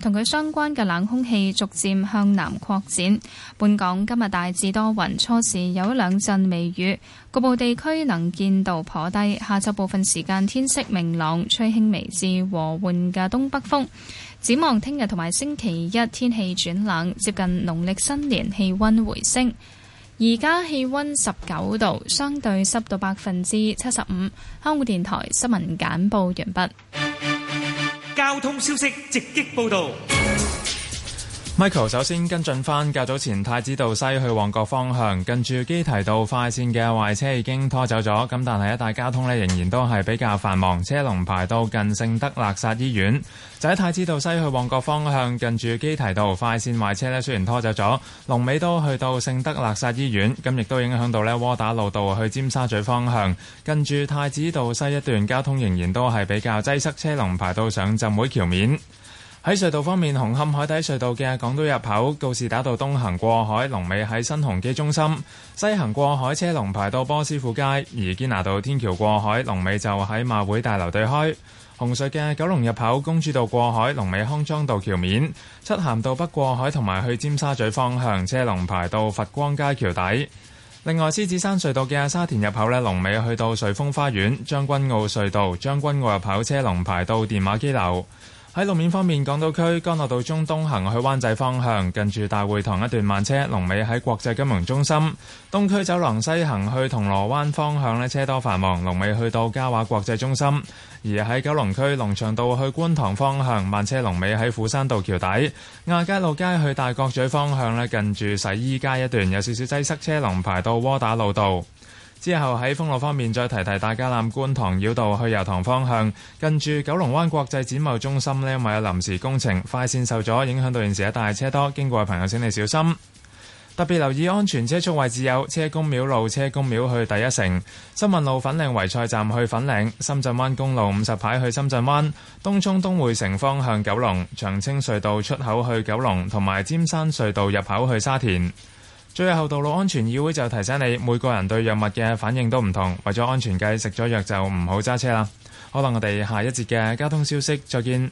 同佢相關嘅冷空氣逐漸向南擴展，本港今日大致多雲，初時有一兩陣微雨，局部地區能見度頗低。下晝部分時間天色明朗，吹輕微至和緩嘅東北風。展望聽日同埋星期一，天氣轉冷，接近農曆新年，氣溫回升。而家氣溫十九度，相對濕度百分之七十五。香港電台新聞簡報完畢。交通消息直擊報導。Michael 首先跟進返較早前太子道西去旺角方向，近住基堤道快線嘅壞車已經拖走咗，咁但係一帶交通呢，仍然都係比較繁忙，車龍排到近聖德肋撒醫院。就喺太子道西去旺角方向，近住基堤道快線壞車呢，雖然拖走咗，龍尾都去到聖德肋撒醫院，咁亦都影響到呢窩打老道去尖沙咀方向，近住太子道西一段交通仍然都係比較擠塞，車龍排到上浸會橋面。喺隧道方面，紅磡海底隧道嘅港島入口告士打道東行過海，龍尾喺新鴻基中心；西行過海車龍排到波斯富街。而堅拿道天橋過海，龍尾就喺馬會大樓對開。紅隧嘅九龍入口公主道過海，龍尾康莊道橋面；漆咸道北過海同埋去尖沙咀方向，車龍排到佛光街橋底。另外，獅子山隧道嘅沙田入口咧，龍尾去到瑞峰花園；將軍澳隧道將軍澳入口車龍排到電話機樓。喺路面方面，港島區干諾道中東行去灣仔方向，近住大會堂一段慢車，龍尾喺國際金融中心；東區走廊西行去銅鑼灣方向咧，車多繁忙，龍尾去到嘉華國際中心。而喺九龍區龍翔道去觀塘方向，慢車龍尾喺斧山道橋底；亞皆老街去大角咀方向咧，近住洗衣街一段有少少擠塞車龍，車龍排到窩打老道。之後喺封路方面，再提提大家，南觀塘繞道去油塘方向，近住九龍灣國際展貿中心呢，因有臨時工程快線受阻，影響到現時一大車多，經過嘅朋友請你小心。特別留意安全車速位置有：車公廟路、車公廟去第一城、新運路粉嶺圍菜站去粉嶺、深圳灣公路五十牌去深圳灣、東涌東匯城方向、九龍長青隧道出口去九龍，同埋尖山隧道入口去沙田。最後，道路安全議會就提醒你，每個人對藥物嘅反應都唔同，為咗安全計，食咗藥就唔好揸車啦。可能我哋下一節嘅交通消息再見。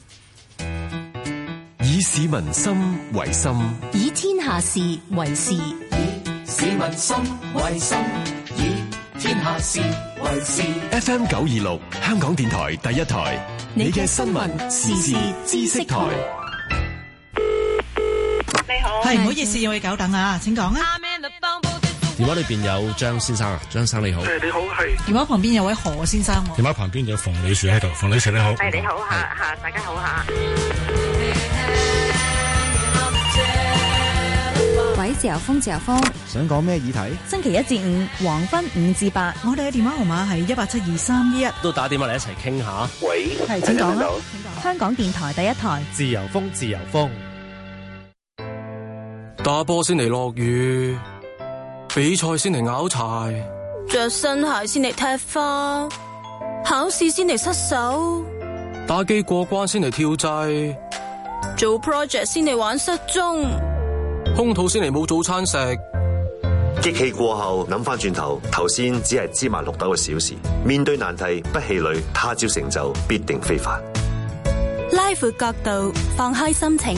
以市民心為心，以天下事為事。以市民心為心，以天下事為事。F M 九二六，香港電台第一台，你嘅新聞時事知識台。係唔好意思，要久等啊，請講啊。電話裏邊有張先生啊，張生你好。係你好，係。電話旁邊有位何先生。電話旁邊有馮女士喺度，馮女士你好。你好，吓吓，大家好吓。喂，自由風，自由風。想講咩議題？星期一至五黃昏五至八，我哋嘅電話號碼係一八七二三一一。都打電話嚟一齊傾下。喂。係，請講啊。香港電台第一台，自由風，自由風。打波先嚟落雨，比賽先嚟拗柴，着新鞋先嚟踢花，考試先嚟失手，打機過關先嚟跳掣，做 project 先嚟玩失蹤，空肚先嚟冇早餐食。激氣過後諗翻轉頭，頭先只係芝麻綠豆嘅小事。面對難題不氣餒，他朝成就必定非凡。拉闊角度，放開心情。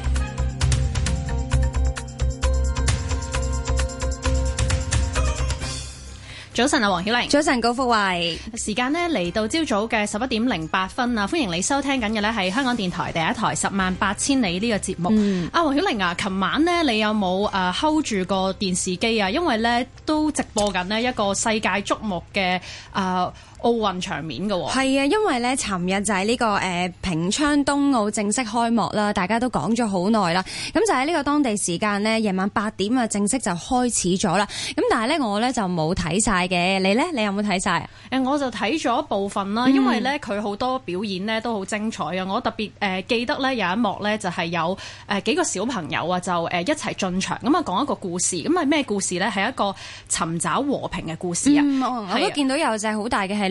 早晨啊，黃曉玲。早晨，高福慧。時間呢，嚟到朝早嘅十一點零八分啊，歡迎你收聽緊嘅呢係香港電台第一台十萬八千里呢個節目。阿黃曉玲啊，琴晚呢，你有冇誒、呃、hold 住個電視機啊？因為呢都直播緊呢一個世界矚目嘅啊。呃奧運場面嘅喎，係啊是，因為咧、這個，尋日就係呢個誒平昌冬奧正式開幕啦，大家都講咗好耐啦，咁就喺呢個當地時間呢，夜晚八點啊，正式就開始咗啦。咁但係咧，我咧就冇睇晒嘅，你咧，你有冇睇晒？誒，我就睇咗部分啦，因為咧佢好多表演呢都好精彩啊，我特別誒、呃、記得咧有一幕咧就係有誒幾個小朋友啊就誒一齊進場咁啊講一個故事，咁啊咩故事咧？係一個尋找和平嘅故事啊、嗯！我都見到有隻好大嘅係。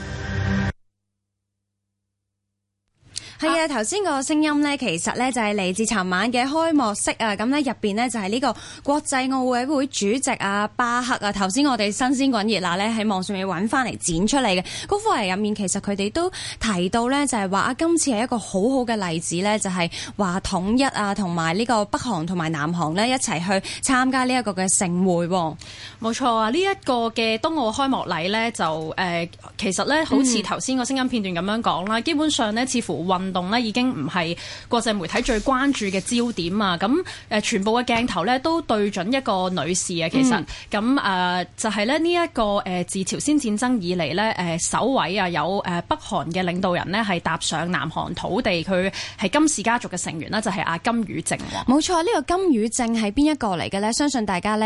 係啊，頭先個聲音呢，其實呢就係嚟自尋晚嘅開幕式啊。咁呢入邊呢，就係呢個國際奧委會主席啊巴克啊。頭先我哋新鮮滾熱辣呢，喺網上找回來剪來、啊、面揾翻嚟展出嚟嘅。高科嚟入面其實佢哋都提到呢，就係話啊，今次係一個好好嘅例子呢，就係話統一啊，同埋呢個北韓同埋南韓呢，一齊去參加呢一個嘅盛會、哦。冇錯啊，呢、這、一個嘅冬奧開幕禮呢，就誒、呃，其實呢，好似頭先個聲音片段咁樣講啦、嗯，基本上呢，似乎運動咧，已經唔係國際媒體最關注嘅焦點啊！咁誒，全部嘅鏡頭都對準一個女士啊！其實咁誒、嗯呃，就係呢一個誒，自朝鮮戰爭以嚟誒，首位啊有誒北韓嘅領導人咧係踏上南韓土地，佢係金氏家族嘅成員啦，就係、是、阿金與正。錯。冇錯，呢個金與正係邊一個嚟嘅呢？相信大家誒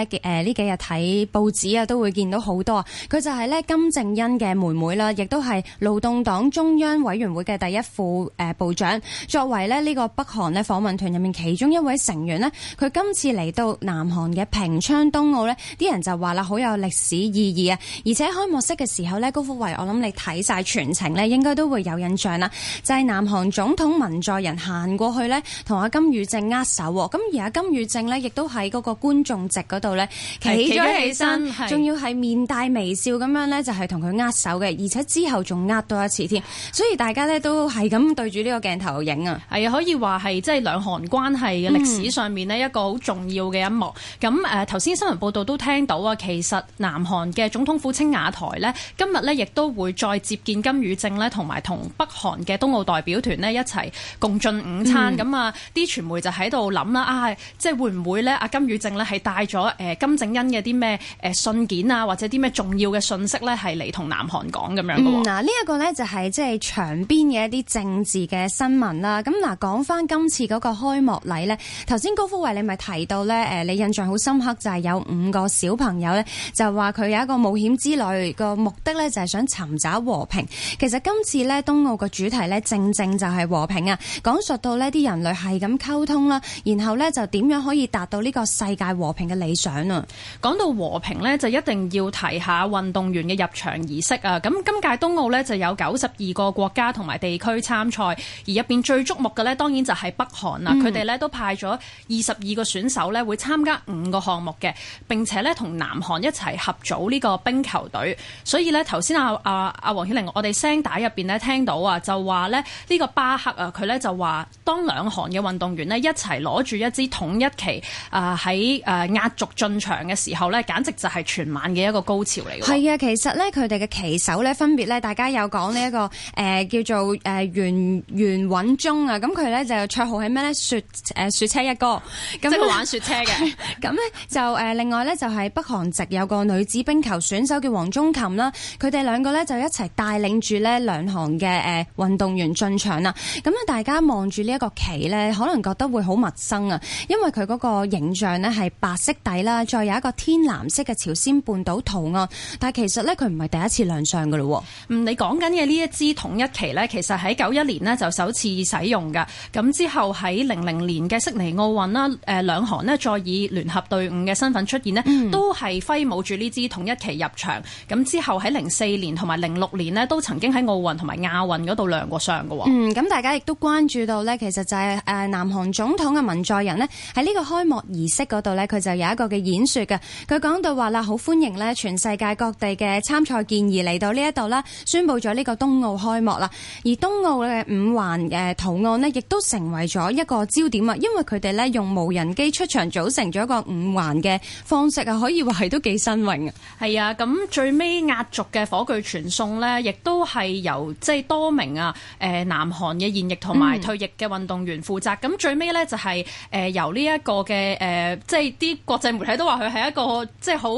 呢幾日睇報紙啊，都會見到好多。佢就係金正恩嘅妹妹啦，亦都係勞動黨中央委員會嘅第一副誒。呃部長作為呢呢個北韓呢訪問團入面其中一位成員呢，佢今次嚟到南韓嘅平昌冬奧呢啲人就話啦，好有歷史意義啊！而且開幕式嘅時候呢高福圍，我諗你睇晒全程呢應該都會有印象啦。就係、是、南韓總統文在寅行過去呢同阿金與正握手。咁而阿金與正呢亦都喺個觀眾席度呢企咗起身，仲要係面帶微笑咁樣呢就係同佢握手嘅。而且之後仲握多一次添，所以大家呢都係咁對住。呢、這個鏡頭影啊，係啊，可以話係即係兩韓關係嘅歷史上面咧一個好重要嘅一幕。咁誒頭先新聞報道都聽到啊，其實南韓嘅總統府青瓦台呢，今日呢亦都會再接見金與正呢，同埋同北韓嘅冬奧代表團呢一齊共進午餐。咁、嗯、啊，啲傳媒就喺度諗啦，啊，即係會唔會呢？阿金與正呢係帶咗誒金正恩嘅啲咩誒信件信、嗯、啊，或者啲咩重要嘅信息呢？係嚟同南韓講咁樣嘅喎。嗱，呢一個呢就係即係場邊嘅一啲政治嘅。嘅新聞啦，咁嗱，講翻今次嗰個開幕禮呢，頭先高福衛你咪提到呢，誒，你印象好深刻就係、是、有五個小朋友呢，就話佢有一個冒險之旅，個目的呢，就係想尋找和平。其實今次呢，冬奧嘅主題呢，正正就係和平啊。講述到呢啲人類係咁溝通啦，然後呢，就點樣可以達到呢個世界和平嘅理想啊。講到和平呢，就一定要提下運動員嘅入場儀式啊。咁今屆冬奧呢，就有九十二個國家同埋地區參賽。而入邊最矚目嘅呢，當然就係北韓啦！佢哋呢都派咗二十二個選手呢會參加五個項目嘅，並且呢同南韓一齊合組呢個冰球隊。所以呢、啊，頭先阿阿阿黃曉玲，我哋聲帶入邊呢聽到啊，就話呢呢個巴克啊，佢呢就話當兩韓嘅運動員呢一齊攞住一支統一旗啊，喺誒壓軸進場嘅時候呢，簡直就係全晚嘅一個高潮嚟。係啊，其實呢，佢哋嘅旗手呢分別呢，大家有講呢一個誒、呃、叫做誒原。呃袁允中啊，咁佢咧就綽號係咩咧？雪誒雪車一哥，即係玩雪車嘅。咁咧就誒，另外咧就係北韓籍有個女子冰球選手叫黃宗琴啦。佢哋兩個咧就一齊帶領住呢兩行嘅誒運動員進場啦。咁啊，大家望住呢一個旗咧，可能覺得會好陌生啊，因為佢嗰個形象呢係白色底啦，再有一個天藍色嘅朝鮮半島圖案。但係其實咧，佢唔係第一次亮相噶咯。嗯，你講緊嘅呢一支統一旗咧，其實喺九一年呢。就首次使用噶，咁之後喺零零年嘅悉尼奧運啦，誒兩韓呢再以聯合隊伍嘅身份出現呢，都係揮舞住呢支統一旗入場。咁之後喺零四年同埋零六年呢，都曾經喺奧運同埋亞運嗰度亮過相噶。嗯，咁大家亦都關注到呢，其實就係誒南韓總統嘅文在寅呢。喺呢個開幕儀式嗰度呢，佢就有一個嘅演說嘅。佢講到話啦，好歡迎呢全世界各地嘅參賽健兒嚟到呢一度啦，宣佈咗呢個冬奧開幕啦。而冬奧嘅五五環嘅圖案呢，亦都成為咗一個焦點啊！因為佢哋呢，用無人機出場，組成咗一個五環嘅方式啊，可以話係都幾新穎，係係啊，咁最尾壓軸嘅火炬傳送呢，亦都係由即係多名啊誒南韓嘅現役同埋退役嘅運動員負責。咁、嗯、最尾呢、這個，就係誒由呢一個嘅誒即係啲國際媒體都話佢係一個即係好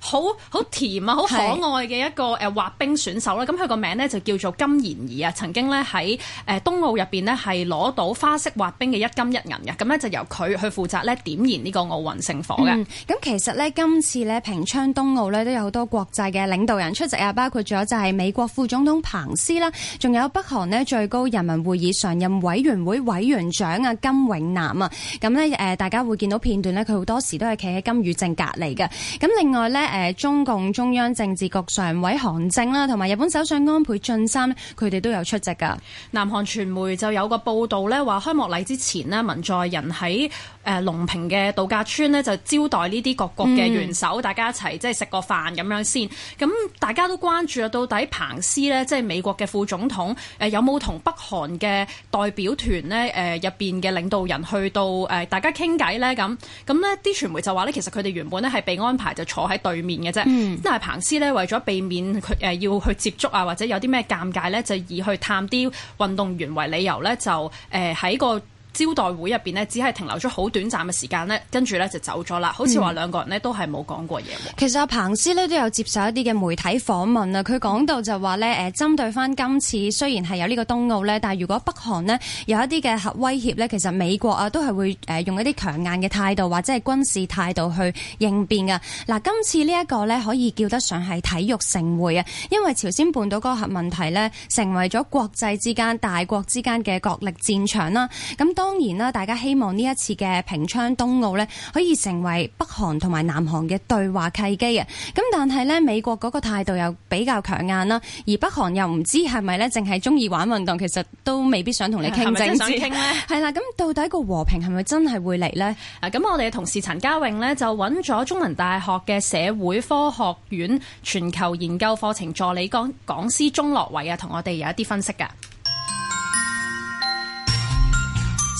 好好甜啊好可愛嘅一個誒滑冰選手啦。咁佢個名呢，就叫做金妍兒啊，曾經呢，喺誒冬奧入面呢，係攞到花式滑冰嘅一金一銀嘅。咁呢就由佢去負責呢點燃呢個奧運聖火嘅。咁、嗯、其實呢，今次呢平昌冬奧呢都有好多國際嘅領導人出席啊，包括咗就係美國副總統彭斯啦，仲有北韓呢最高人民會議常任委員會委員長啊金永南啊，咁呢，大家會見到片段呢，佢好多時都係企喺金與正隔離嘅。咁另外呢，中共中央政治局常委韓正啦，同埋日本首相安倍晉三佢哋都有出席噶。南韓傳媒就有個報道呢，話開幕禮之前呢文在寅喺誒龍平嘅度假村呢就招待呢啲各國嘅元首、嗯，大家一齊即係食個飯咁樣先。咁大家都關注啊，到底彭斯呢，即係美國嘅副總統，呃、有冇同北韓嘅代表團呢？入、呃、面嘅領導人去到、呃、大家傾偈呢。咁咁呢啲傳媒就話呢，其實佢哋原本呢係被安排就坐喺對面嘅啫、嗯，但係彭斯呢，為咗避免佢要去接觸啊，或者有啲咩尷尬呢，就而去探啲運動用員為理由咧，就誒喺個招待會入邊咧，只係停留咗好短暫嘅時間咧，跟住咧就走咗啦。好似話兩個人咧都係冇講過嘢、嗯、其實阿彭斯咧都有接受一啲嘅媒體訪問啊，佢講到就話咧誒，針對翻今次雖然係有呢個冬奧咧，但係如果北韓咧有一啲嘅核威脅咧，其實美國啊都係會誒用一啲強硬嘅態度或者係軍事態度去應變噶。嗱，今次呢一個咧可以叫得上係體育盛會，啊，因為朝鮮半島嗰個核問題咧成為咗國際之間、大國之間嘅角力戰場啦。咁當當然啦，大家希望呢一次嘅平昌冬奧呢，可以成為北韓同埋南韓嘅對話契機啊！咁但係呢，美國嗰個態度又比較強硬啦，而北韓又唔知係咪呢，淨係中意玩運動，其實都未必想同你傾正。是是想傾呢？係 啦，咁到底個和平係咪真係會嚟呢？啊，咁我哋嘅同事陳家穎呢，就揾咗中文大學嘅社會科學院全球研究課程助理講講師鍾樂偉啊，同我哋有一啲分析噶。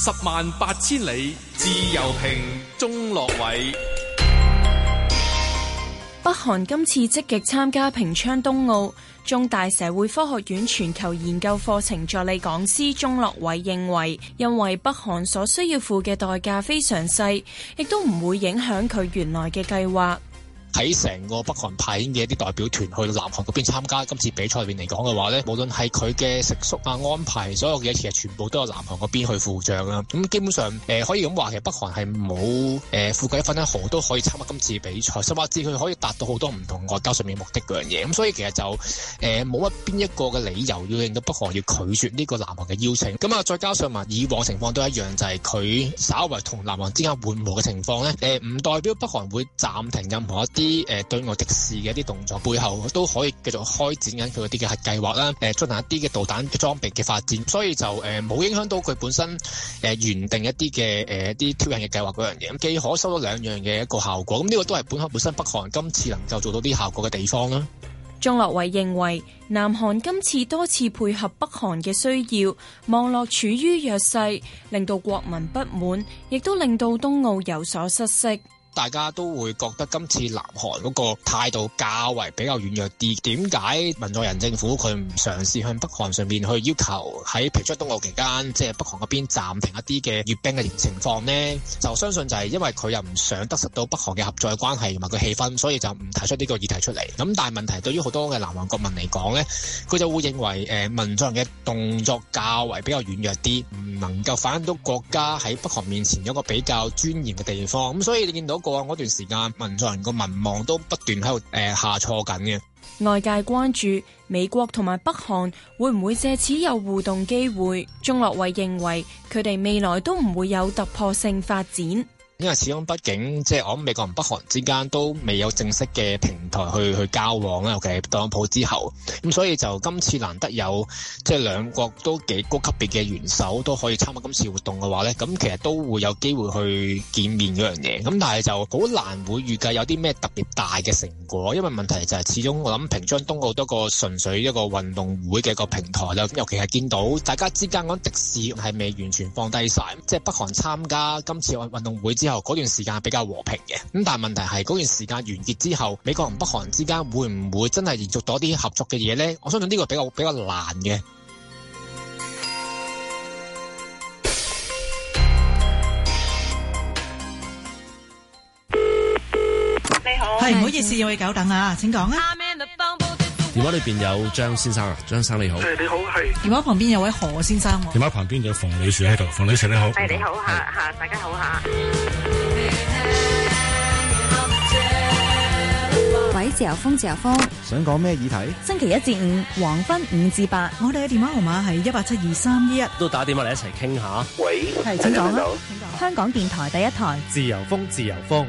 十萬八千里，自由平鐘樂偉。北韓今次積極參加平昌冬奧，中大社會科學院全球研究課程助理講師鐘樂偉認為，因為北韓所需要付嘅代價非常細，亦都唔會影響佢原來嘅計劃。喺成個北韓派嘅一啲代表團去到南韓嗰邊參加今次比賽裏面嚟講嘅話咧，無論係佢嘅食宿啊、安排所有嘅嘢，其實全部都由南韓嗰邊去付賬啦。咁、嗯、基本上、呃、可以咁話，其實北韓係冇誒付過一分一毫都可以參加今次比賽，甚至佢可以達到好多唔同外交上面目的嗰樣嘢。咁所以其實就誒冇乜邊一個嘅理由要令到北韓要拒絕呢個南韓嘅邀請。咁、嗯、啊，再加上埋以往情況都一樣，就係、是、佢稍為同南韓之間緩和嘅情況咧，唔、呃、代表北韓會暫停任何一啲。啲、嗯、誒對外敵視嘅一啲動作背後都可以繼續開展緊佢啲嘅核計劃啦，誒進行一啲嘅導彈裝備嘅發展，所以就誒冇影響到佢本身誒原定一啲嘅誒一啲挑釁嘅計劃嗰樣嘢，咁既可收到兩樣嘅一個效果，咁呢個都係本刻本身北韓今次能夠做到啲效果嘅地方啦。鍾樂偉認為，南韓今次多次配合北韓嘅需要，望落處於弱勢，令到國民不滿，亦都令到冬奧有所失色。大家都會覺得今次南韓嗰個態度較為比較軟弱啲。點解文在寅政府佢唔嘗試向北韓上面去要求喺平昌冬奧期間，即係北韓嗰邊暫停一啲嘅閱兵嘅情況咧？就相信就係因為佢又唔想得失到北韓嘅合作關係同埋個氣氛，所以就唔提出呢個議題出嚟。咁但係問題對於好多嘅南韓國民嚟講咧，佢就會認為誒文在寅嘅動作較為比較軟弱啲，唔能夠反映到國家喺北韓面前有個比較尊嚴嘅地方。咁所以你見到。過嗰段時間，文在寅個民望都不斷喺度誒下挫緊嘅。外界關注美國同埋北韓會唔會借此有互動機會？鍾樂偉認為佢哋未來都唔會有突破性發展。因為始終畢竟即係、就是、我諗美國同北韓之間都未有正式嘅平台去去交往啦，尤其係特朗普之後咁，所以就今次難得有即係、就是、兩國都幾高級別嘅元首都可以參加今次活動嘅話呢，咁其實都會有機會去見面嗰樣嘢。咁但係就好難會預計有啲咩特別大嘅成果，因為問題就係始終我諗平昌冬奧多個純粹一個運動會嘅個平台啦。尤其係見到大家之間嗰敵視係未完全放低晒，即係北韓參加今次運運動會。之後嗰段時間比較和平嘅，咁但係問題係嗰段時間完結之後，美國同北韓之間會唔會真係延續多啲合作嘅嘢呢？我相信呢個比較比較難嘅。你好，係唔好意思，要你久等啊，請講啊。電話裏邊有張先生啊，張生你好。係你好，係。電話旁邊有位何先生。喔、電話旁邊有馮女士喺度，馮女士你好。係你好，吓吓，大家好吓。喂，自由風，自由風。想講咩議題？星期一至五黃昏五至八，我哋嘅電話號碼係一八七二三一一。都打電話嚟一齊傾下。喂，係，請講啦，請講。香港電台第一台，自由風，自由風。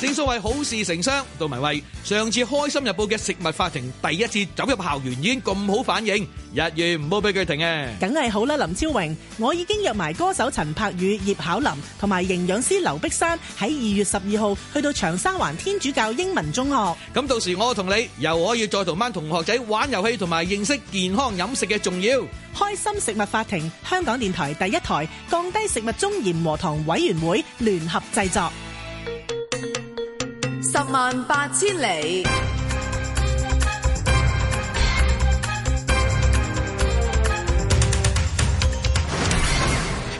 正所謂好事成雙，杜雯惠上次《開心日報》嘅食物法庭第一次走入校園已經咁好反應，日日唔好俾佢停啊！梗係好啦，林超榮，我已經約埋歌手陳柏宇、葉巧琳同埋營養師劉碧珊喺二月十二號去到長沙灣天主教英文中學。咁到時我同你又可以再同班同學仔玩遊戲，同埋認識健康飲食嘅重要。開心食物法庭，香港電台第一台降低食物中鹽和糖委員會聯合製作。十萬八千里。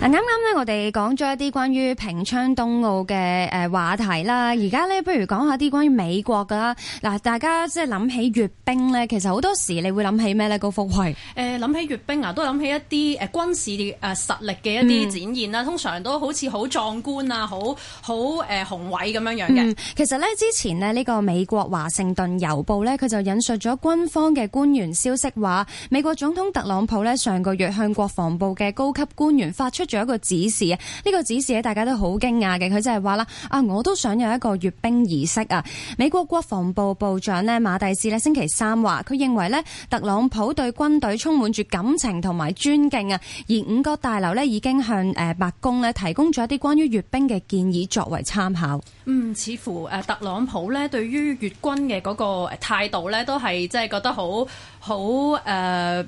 嗱，啱啱咧，我哋講咗一啲關於平昌冬奧嘅誒話題啦，而家咧，不如講下啲關於美國噶啦。嗱，大家即係諗起閱兵咧，其實好多時你會諗起咩咧？高福慧誒，諗起閱兵啊，都諗起一啲誒軍事誒實力嘅一啲展現啦、嗯。通常都好似好壯觀啊，好好誒雄偉咁樣樣嘅、嗯。其實呢，之前呢，呢個美國華盛頓郵報咧，佢就引述咗軍方嘅官員消息話，美國總統特朗普咧上個月向國防部嘅高級官員發出。做一個指示啊！呢個指示咧，大家都好驚訝嘅。佢就係話啦，啊，我都想有一個閱兵儀式啊！美國國防部部長咧，馬蒂斯呢，星期三話，佢認為咧，特朗普對軍隊充滿住感情同埋尊敬啊。而五角大樓呢，已經向誒、白宮呢，提供咗一啲關於閱兵嘅建議作為參考。嗯，似乎誒、呃，特朗普咧，對於閱軍嘅嗰個態度呢，都係即係覺得好好誒。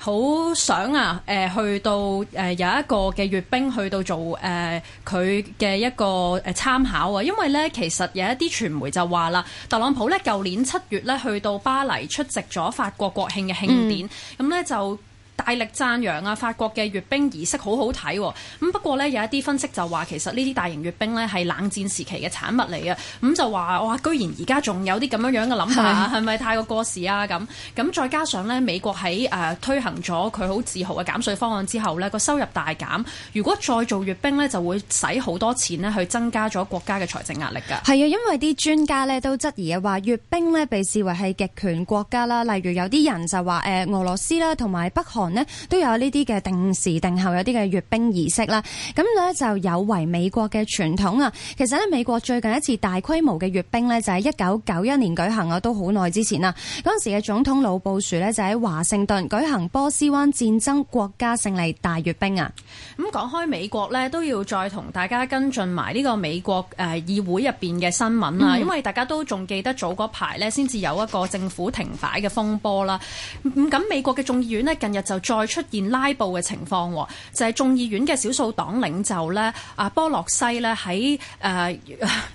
好想啊！誒、呃、去到誒有一個嘅閱兵去，去到做誒佢嘅一個誒參考啊！因為呢，其實有一啲傳媒就話啦，特朗普呢舊年七月呢去到巴黎出席咗法國國慶嘅慶典，咁、嗯、呢就。大力讚揚啊！法國嘅閱兵儀式好好睇，咁不過咧有一啲分析就話其實呢啲大型閱兵咧係冷戰時期嘅產物嚟嘅，咁就話哇居然而家仲有啲咁樣樣嘅諗法，係咪太過過時啊？咁咁再加上咧美國喺誒、呃、推行咗佢好自豪嘅減稅方案之後咧個收入大減，如果再做閱兵咧就會使好多錢咧去增加咗國家嘅財政壓力㗎。係啊，因為啲專家咧都質疑啊，話閱兵咧被視為係極權國家啦，例如有啲人就話誒、呃、俄羅斯啦同埋北韓。都有呢啲嘅定時定候有啲嘅閱兵儀式啦，咁呢就有違美國嘅傳統啊。其實呢，美國最近一次大規模嘅閱兵呢，就喺一九九一年舉行啊，都好耐之前啦。嗰陣時嘅總統老布什呢，就喺華盛頓舉行波斯灣戰爭國家勝利大閱兵啊。咁講開美國呢，都要再同大家跟進埋呢個美國誒議會入邊嘅新聞啦，因為大家都仲記得早嗰排呢，先至有一個政府停擺嘅風波啦。咁美國嘅眾議院呢，近日就再出現拉布嘅情況，就係、是、眾議院嘅少數黨領袖咧，阿波洛西咧喺誒，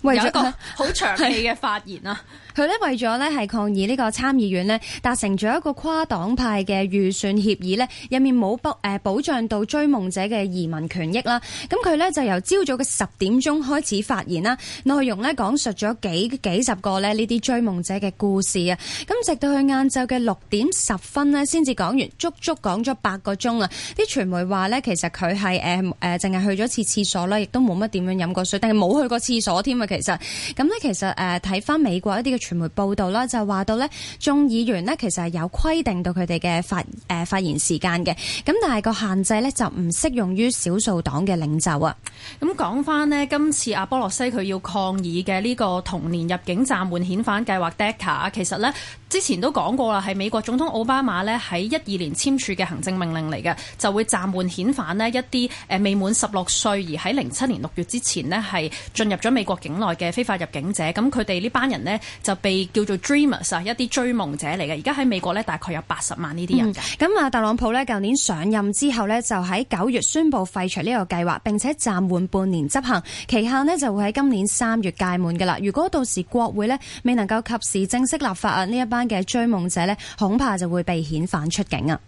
有一個好長氣嘅發言啊！ 佢咧為咗呢係抗議呢個參議院呢達成咗一個跨黨派嘅預算協議呢，入面冇保保障到追夢者嘅移民權益啦。咁佢呢就由朝早嘅十點鐘開始發言啦，內容呢講述咗幾幾十個呢啲追夢者嘅故事啊。咁直到佢晏晝嘅六點十分呢先至講完，足足講咗八個鐘啊！啲傳媒話呢，其實佢係誒淨係去咗次廁所啦，亦都冇乜點樣飲過水，但係冇去過廁所添啊！其實咁呢、呃，其實誒睇翻美國一啲嘅。傳媒報道啦，就係話到呢眾議員呢，其實係有規定到佢哋嘅發誒發言時間嘅，咁但係個限制呢，就唔適用於少數黨嘅領袖啊。咁講翻呢，今次阿波洛西佢要抗議嘅呢個童年入境暫緩遣返計劃 DACA 其實呢之前都講過啦，係美國總統奧巴馬呢喺一二年簽署嘅行政命令嚟嘅，就會暫緩遣返呢一啲誒未滿十六歲而喺零七年六月之前呢係進入咗美國境內嘅非法入境者，咁佢哋呢班人呢。就。被叫做 Dreamers 啊，一啲追夢者嚟嘅，而家喺美國咧，大概有八十萬呢啲人咁啊、嗯，特朗普咧，舊年上任之後咧，就喺九月宣布廢除呢個計劃，並且暫緩半年執行期限咧，就會喺今年三月屆滿㗎喇。如果到時國會咧未能夠及時正式立法啊，呢一班嘅追夢者咧，恐怕就會被遣返出境啊。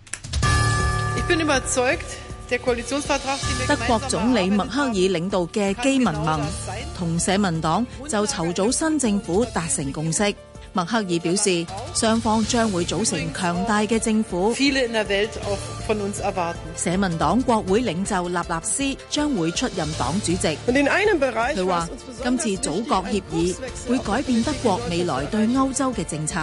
德國總理默克爾領導嘅基民盟同社民黨就籌組新政府達成共識。默克爾表示，雙方將會組成強大嘅政府。社民黨國會領袖納納斯將會出任黨主席。佢話：今次組閣協議會改變德國未來對歐洲嘅政策。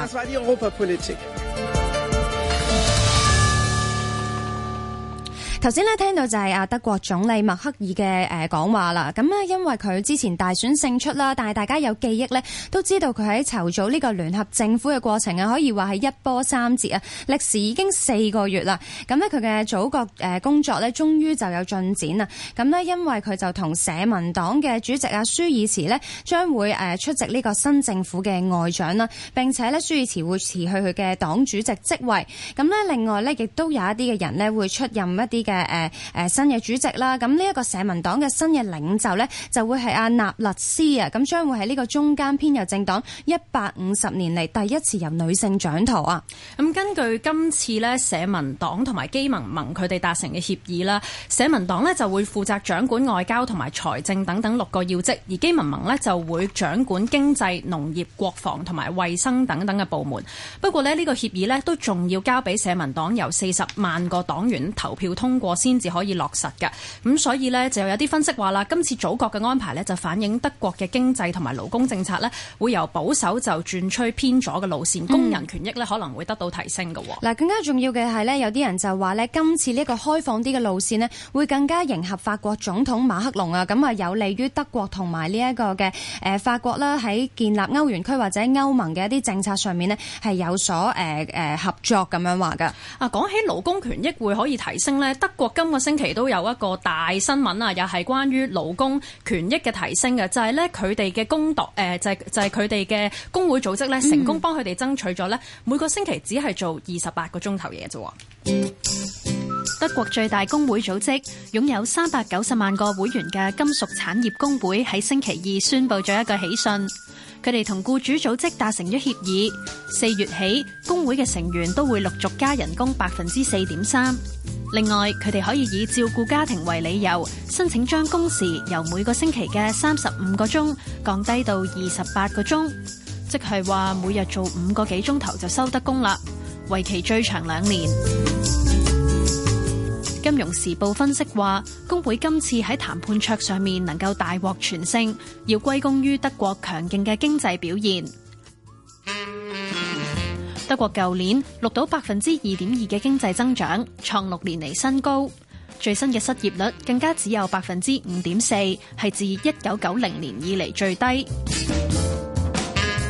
頭先呢聽到就係阿德國總理默克爾嘅誒講話啦，咁呢，因為佢之前大選勝出啦，但係大家有記憶呢，都知道佢喺籌組呢個聯合政府嘅過程啊，可以話係一波三折啊，歷時已經四個月啦。咁呢，佢嘅組閣誒工作呢，終於就有進展啦。咁呢，因為佢就同社民黨嘅主席阿舒爾茨呢，將會誒出席呢個新政府嘅外長啦。並且呢，舒爾茨會辭去佢嘅黨主席職位。咁呢，另外呢，亦都有一啲嘅人呢，會出任一啲嘅。嘅誒誒新嘅主席啦，咁呢一個社民黨嘅新嘅領袖呢，就會係阿納律斯啊，咁將會喺呢個中間偏入政黨一百五十年嚟，第一次由女性掌舵啊！咁根據今次呢，社民黨同埋基民盟佢哋達成嘅協議啦，社民黨呢就會負責掌管外交同埋財政等等六個要職，而基民盟呢就會掌管經濟、農業、國防同埋衛生等等嘅部門。不過呢，呢個協議呢都仲要交俾社民黨由四十萬個黨員投票通過先至可以落實嘅，咁所以呢，就有啲分析話啦，今次組閣嘅安排呢，就反映德國嘅經濟同埋勞工政策呢，會由保守就轉趨偏左嘅路線，嗯，工人權益呢可能會得到提升嘅。嗱，更加重要嘅係呢，有啲人就話呢，今次呢個開放啲嘅路線呢，會更加迎合法國總統馬克龍啊，咁啊有利於德國同埋呢一個嘅誒法國啦喺建立歐元區或者歐盟嘅一啲政策上面呢，係有所誒誒合作咁樣話嘅。啊，講起勞工權益會可以提升呢。德。德國今個星期都有一個大新聞啊，又係關於勞工權益嘅提升嘅，就係咧佢哋嘅工作誒、呃，就係、是、就係佢哋嘅工會組織咧，成功幫佢哋爭取咗咧、嗯，每個星期只係做二十八個鐘頭嘢啫。德國最大工會組織擁有三百九十萬個會員嘅金屬產業工會喺星期二宣布咗一個喜訊。佢哋同僱主組織達成咗協議，四月起工會嘅成員都會陸續加人工百分之四點三。另外，佢哋可以以照顧家庭為理由，申請將工時由每個星期嘅三十五個鐘降低到二十八個鐘，即係話每日做五個幾鐘頭就收得工啦，為期最長兩年。金融時報分析話，工會今次喺談判桌上面能夠大獲全勝，要歸功於德國強勁嘅經濟表現。德國舊年錄到百分之二點二嘅經濟增長，創六年嚟新高。最新嘅失業率更加只有百分之五點四，係自一九九零年以嚟最低。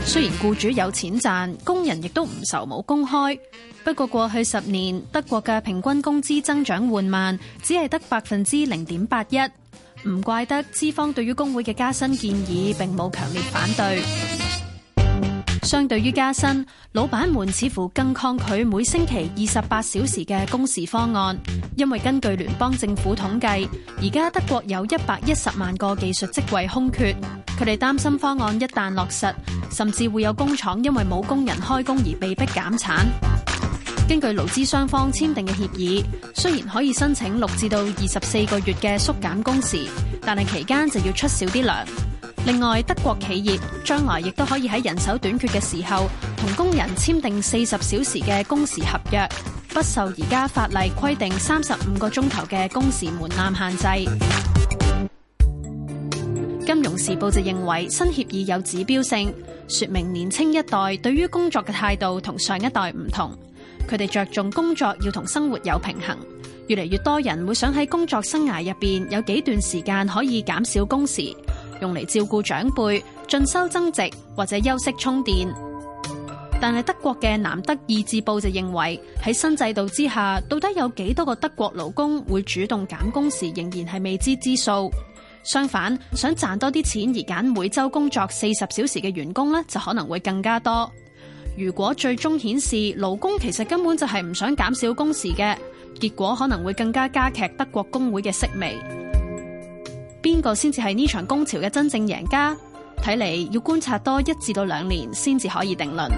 雖然雇主有錢賺，工人亦都唔愁冇工開。不過過去十年，德國嘅平均工資增長緩慢，只係得百分之零點八一，唔怪得資方對於工會嘅加薪建議並冇強烈反對。相對於加薪，老闆們似乎更抗拒每星期二十八小時嘅工時方案，因為根據聯邦政府統計，而家德國有一百一十萬個技術職位空缺，佢哋擔心方案一旦落實，甚至會有工廠因為冇工人開工而被迫減產。根據勞資雙方簽訂嘅協議，雖然可以申請六至到二十四個月嘅縮減工時，但係期間就要出少啲糧。另外，德國企業將來亦都可以喺人手短缺嘅時候，同工人簽訂四十小時嘅工時合約，不受而家法例規定三十五個鐘頭嘅工時門檻限制。金融時報就認為新協議有指標性，說明年輕一代對於工作嘅態度同上一代唔同。佢哋着重工作要同生活有平衡，越嚟越多人會想喺工作生涯入邊有幾段時間可以減少工時，用嚟照顧長輩、進修增值或者休息充電。但係德國嘅南德意志報就認為喺新制度之下，到底有幾多個德國勞工會主動減工時，仍然係未知之數。相反，想賺多啲錢而揀每周工作四十小時嘅員工咧，就可能會更加多。如果最終顯示勞工其實根本就係唔想減少工時嘅，結果可能會更加加劇德國工會嘅式微。邊個先至係呢場工潮嘅真正贏家？睇嚟，要觀察多一至到兩年先至可以定論。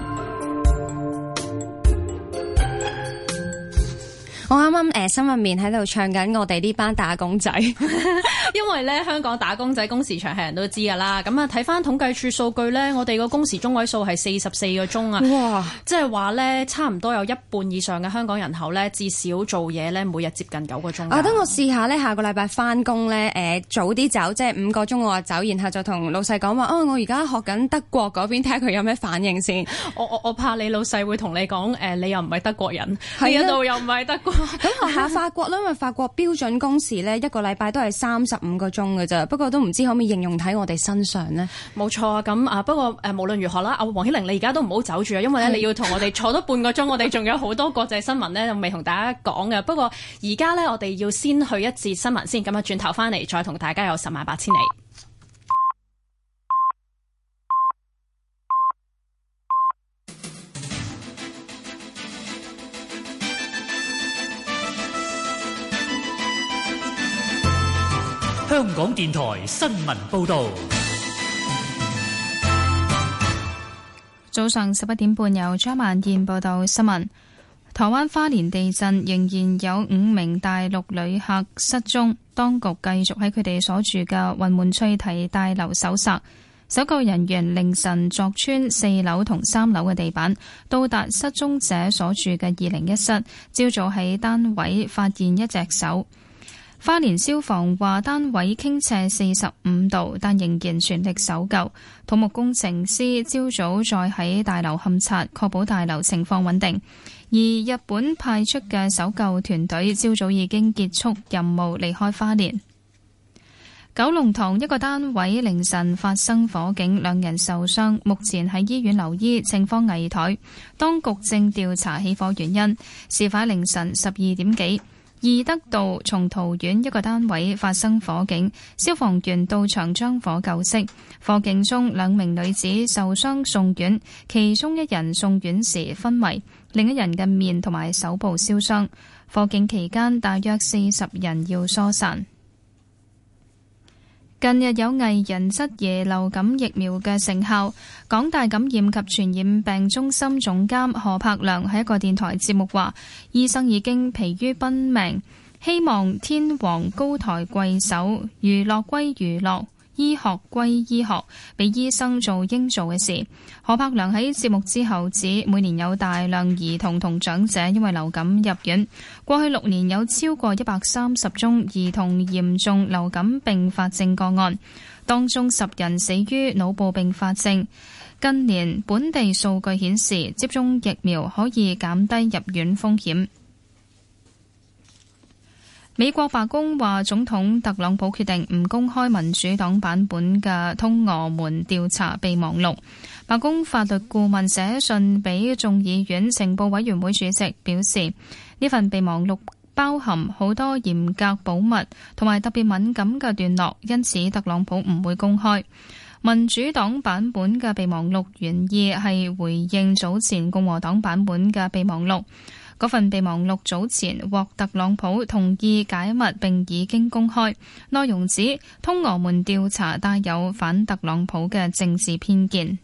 我啱啱誒心入面喺度唱緊我哋呢班打工仔， 因為咧香港打工仔工時長係人都知噶啦。咁啊睇翻統計處數據咧，我哋個工時中位數係四十四個鐘啊，嘩、即係話咧差唔多有一半以上嘅香港人口咧至少做嘢咧每日接近九個鐘、啊。啊，等我試下咧下個禮拜翻工咧誒早啲走，即係五個鐘我話走，然後就同老細講話，哦、啊、我而家學緊德國嗰邊，睇下佢有咩反應先。我我我怕你老細會同你講、呃、你又唔係德國人，呢一度又唔係德國人。咁 下、啊啊啊、法國啦，因為法國標準工時咧一個禮拜都係三十五個鐘嘅咋，不過都唔知可唔可以應用喺我哋身上咧？冇錯啊，咁啊，不過誒無論如何啦，阿王曉玲你而家都唔好走住啊，因為咧你要同我哋坐多半個鐘， 我哋仲有好多國際新聞咧未同大家講嘅。不過而家咧我哋要先去一節新聞先，咁啊轉頭翻嚟再同大家有十萬八千里。香港電台新聞報道，早上十一點半，由張萬燕報道新聞。台灣花蓮地震仍然有五名大陸旅客失蹤，當局繼續喺佢哋所住嘅雲門翠堤大樓搜索。搜救人員凌晨鑿穿四樓同三樓嘅地板，到達失蹤者所住嘅二零一室，朝早喺單位發現一隻手。花蓮消防話單位傾斜四十五度，但仍然全力搜救。土木工程師朝早再喺大樓勘察，確保大樓情況穩定。而日本派出嘅搜救團隊朝早已經結束任務，離開花蓮。九龍塘一個單位凌晨發生火警，兩人受傷，目前喺醫院留醫，情況危殆。當局正調查起火原因，事發凌晨十二點幾。二德道松桃苑一個單位發生火警，消防員到場將火救熄。火警中兩名女子受傷送院，其中一人送院時昏迷，另一人嘅面同埋手部燒傷。火警期間大約四十人要疏散。近日有藝人質疑流感疫苗嘅成效，港大感染及傳染病中心總監何柏良喺一個電台節目話：醫生已經疲於奔命，希望天王高抬貴手，娛樂歸娛樂，醫學歸醫學，俾醫生做應做嘅事。何柏良喺節目之後指，每年有大量兒童同長者因為流感入院。過去六年有超過一百三十宗兒童嚴重流感並發症個案，當中十人死於腦部並發症。近年本地數據顯示，接種疫苗可以減低入院風險。美國白宮話，總統特朗普決定唔公開民主黨版本嘅通俄門調查備忘錄。白宮法律顧問寫信俾眾議院情報委員會主席，表示呢份備忘錄包含好多嚴格保密同埋特別敏感嘅段落，因此特朗普唔會公開民主黨版本嘅備忘錄。原意係回應早前共和黨版本嘅備忘錄。嗰份備忘錄早前獲特朗普同意解密，並已經公開。內容指通俄門調查帶有反特朗普嘅政治偏見。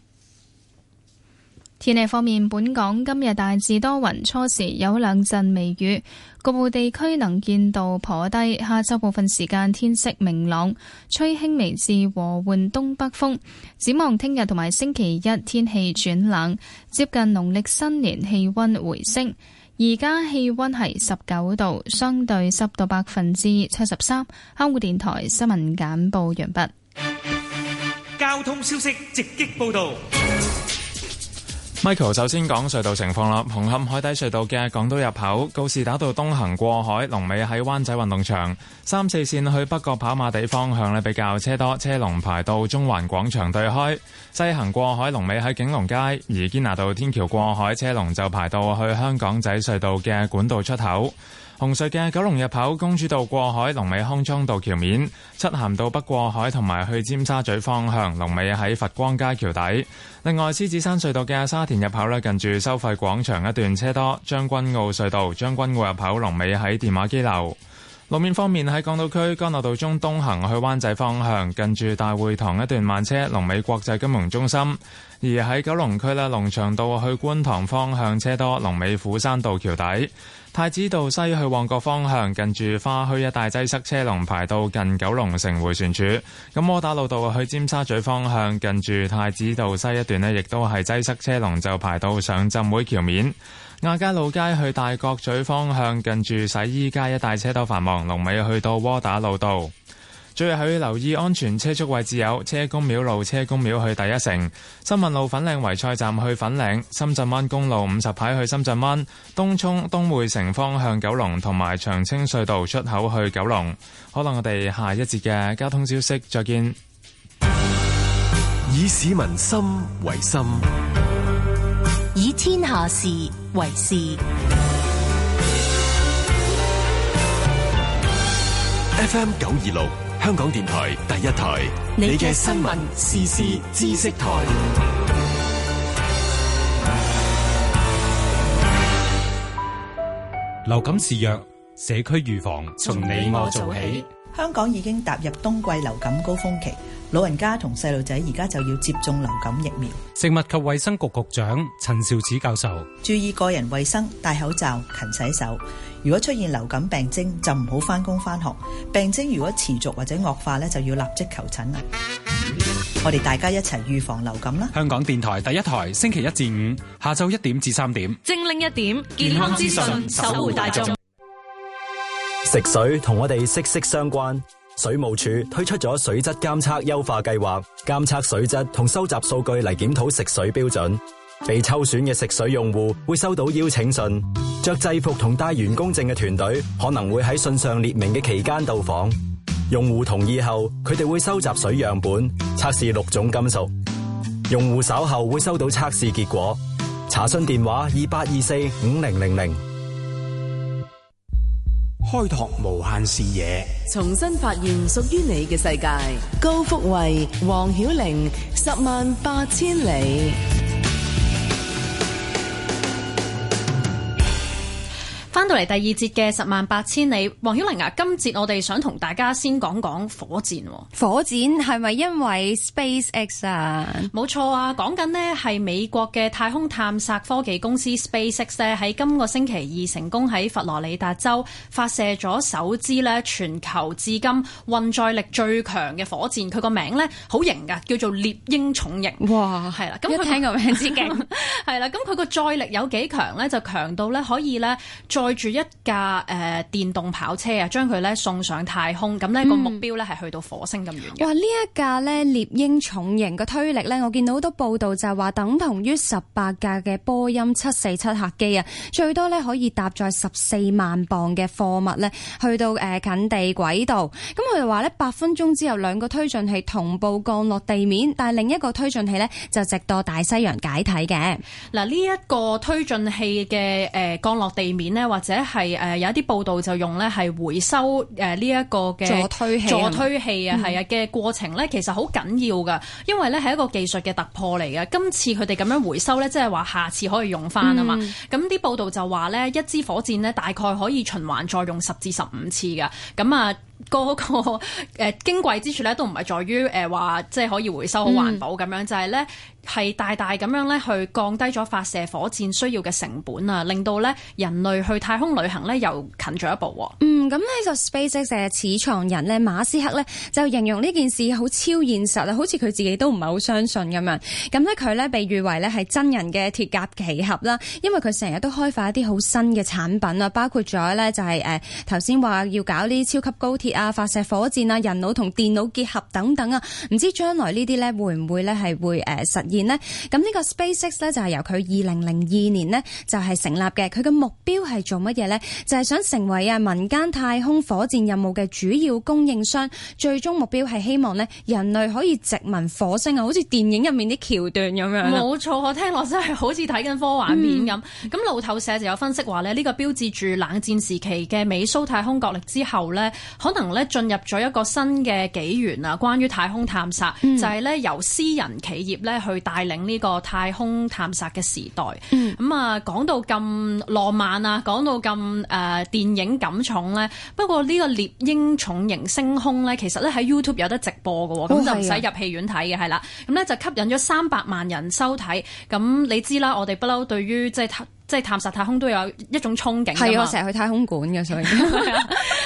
天氣方面，本港今日大致多雲，初時有兩陣微雨，局部地區能見度頗低。下周部分時間天色明朗，吹輕微至和緩東北風。展望聽日同埋星期一，天氣轉冷，接近農曆新年氣温回升。而家氣溫係十九度，相對濕度百分之七十三。香港電台新聞簡報完畢。交通消息直擊報道。Michael 首先講隧道情況啦。紅磡海底隧道嘅港島入口，告士打道東行過海龍尾喺灣仔運動場。三四線去北角跑馬地方向呢，比較車多，車龍排到中環廣場對開。西行過海龍尾喺景隆街，而堅拿道天橋過海車龍就排到去香港仔隧道嘅管道出口。洪紅隧嘅九龍入口、公主道過海、龍尾康莊道橋面、漆咸道北過海同埋去尖沙咀方向，龍尾喺佛光街橋底。另外，獅子山隧道嘅沙田入口咧，近住收費廣場一段車多。將軍澳隧道將軍澳入口龍尾喺電話機樓。路面方面喺港島區干諾道中東行去灣仔方向，近住大會堂一段慢車，龍尾國際金融中心。而喺九龍區咧，龍翔道去觀塘方向車多，龍尾斧山道橋底。太子道西去旺角方向，近住花墟一帶擠塞車龍，車龍排到近九龍城回旋處。咁窩打老道去尖沙咀方向，近住太子道西一段呢，亦都係擠塞車龍，車龍就排到上浸會橋面。亞皆老街去大角咀方向，近住洗衣街一帶車都繁忙，龍尾去到窩打老道。最後要留意安全車速位置，有車公廟路車公廟去第一城、新聞路粉嶺圍菜站去粉嶺、深圳灣公路五十牌去深圳灣、東涌東薈城方向九龍同埋長青隧道出口去九龍。可能我哋下一節嘅交通消息再見。以市民心為心，以天下事為事。F M 九二六。FM926。香港電台第一台，你嘅新聞時事知識台。流感肆虐，社區預防從你我做起。香港已經踏入冬季流感高峰期，老人家同細路仔而家就要接種流感疫苗。食物及衛生局局長陳肇始教授，注意個人衛生，戴口罩，勤洗手。如果出現流感病徵，就唔好翻工翻學。病徵如果持續或者惡化咧，就要立即求診啦。我哋大家一齊預防流感啦！香港電台第一台，星期一至五下晝一點至三點，精靈一點，健康資訊，守護大眾。食水同我哋息息相關，水務署推出咗水質監測優化計劃，監測水質同收集數據嚟檢討食水標準。被抽選嘅食水用戶會收到邀請信，着制服同帶員工證嘅團隊可能會喺信上列明嘅期間到訪。用戶同意後，佢哋會收集水樣本，測試六種金屬。用戶稍後會收到測試結果。查詢電話：二八二四五零零零。開拓無限視野，重新發現屬於你嘅世界。高福慧、黃曉玲，十萬八千里。翻到嚟第二節嘅十萬八千里，黃曉玲啊，今節我哋想同大家先講講火箭、啊。火箭係咪因為 SpaceX 啊？冇錯啊，講緊呢係美國嘅太空探索科技公司 SpaceX 喺今個星期二成功喺佛羅里達州發射咗首支呢全球至今運載力最強嘅火箭。佢個名呢好型噶，叫做獵鷹重型。哇，係啦、啊，咁一聽個名字勁，係 啦、啊，咁佢個載力有幾強呢？就強到呢可以呢。再。住一架誒、呃、電動跑車啊，將佢咧送上太空，咁呢個目標咧係去到火星咁遠。哇！呢一架咧獵鷹重型嘅推力咧，我見到好多報道就係話等同於十八架嘅波音七四七客機啊，最多咧可以搭載十四萬磅嘅貨物咧，去到誒、呃、近地軌道。咁佢哋話咧八分鐘之後，兩個推進器同步降落地面，但係另一個推進器咧就直墮大西洋解體嘅。嗱、啊，呢一個推進器嘅誒、呃、降落地面咧或或者係誒有一啲報道就用咧係回收誒呢一個嘅助推器，助推器啊，係啊嘅過程咧，其實好緊要㗎，因為咧係一個技術嘅突破嚟嘅。今次佢哋咁樣回收咧，即係話下次可以用返啊嘛。咁、嗯、啲報道就話咧，一支火箭咧大概可以循環再用十至十五次嘅。咁啊。嗰個誒矜貴之處咧，都唔係在於誒話即係可以回收、好環保咁樣，嗯，就係咧係大大咁樣咧去降低咗發射火箭需要嘅成本啊，令到咧人類去太空旅行咧又近咗一步。嗯，咁呢個 SpaceX 嘅始創人咧馬斯克咧就形容呢件事好超現實啊，好似佢自己都唔係好相信咁樣。咁咧佢咧被譽為咧係真人嘅鐵甲奇俠啦，因為佢成日都開發一啲好新嘅產品啊，包括咗咧就係誒頭先話要搞啲超級高鐵。啊！發射火箭啊！人腦同電腦結合等等啊！唔知將來呢啲呢會唔會呢係會誒實現呢？咁呢個 SpaceX 呢就係由佢二零零二年呢就係成立嘅。佢嘅目標係做乜嘢呢？就係想成為啊民間太空火箭任務嘅主要供應商。最終目標係希望呢人類可以殖民火星啊！好似電影入面啲橋段咁樣。冇錯，我聽落真係好似睇緊科幻片咁。咁路透社就有分析話呢，呢個標誌住冷戰時期嘅美蘇太空角力之後呢可能。可能咧，進入咗一個新嘅紀元啊，關於太空探索，嗯、就係、是、咧，由私人企業咧去帶領呢個太空探索嘅時代。咁、嗯、啊，講到咁浪漫啊，講到咁誒、呃、電影感重咧。不過呢個獵鷹重型升空咧，其實咧喺 YouTube 有得直播嘅，咁、哦、就唔使入戲院睇嘅係啦。咁咧、啊、就吸引咗三百萬人收睇。咁你知啦，我哋不嬲對於即係探即係探索太空都有一種憧憬。係、啊、我成日去太空館嘅，所以。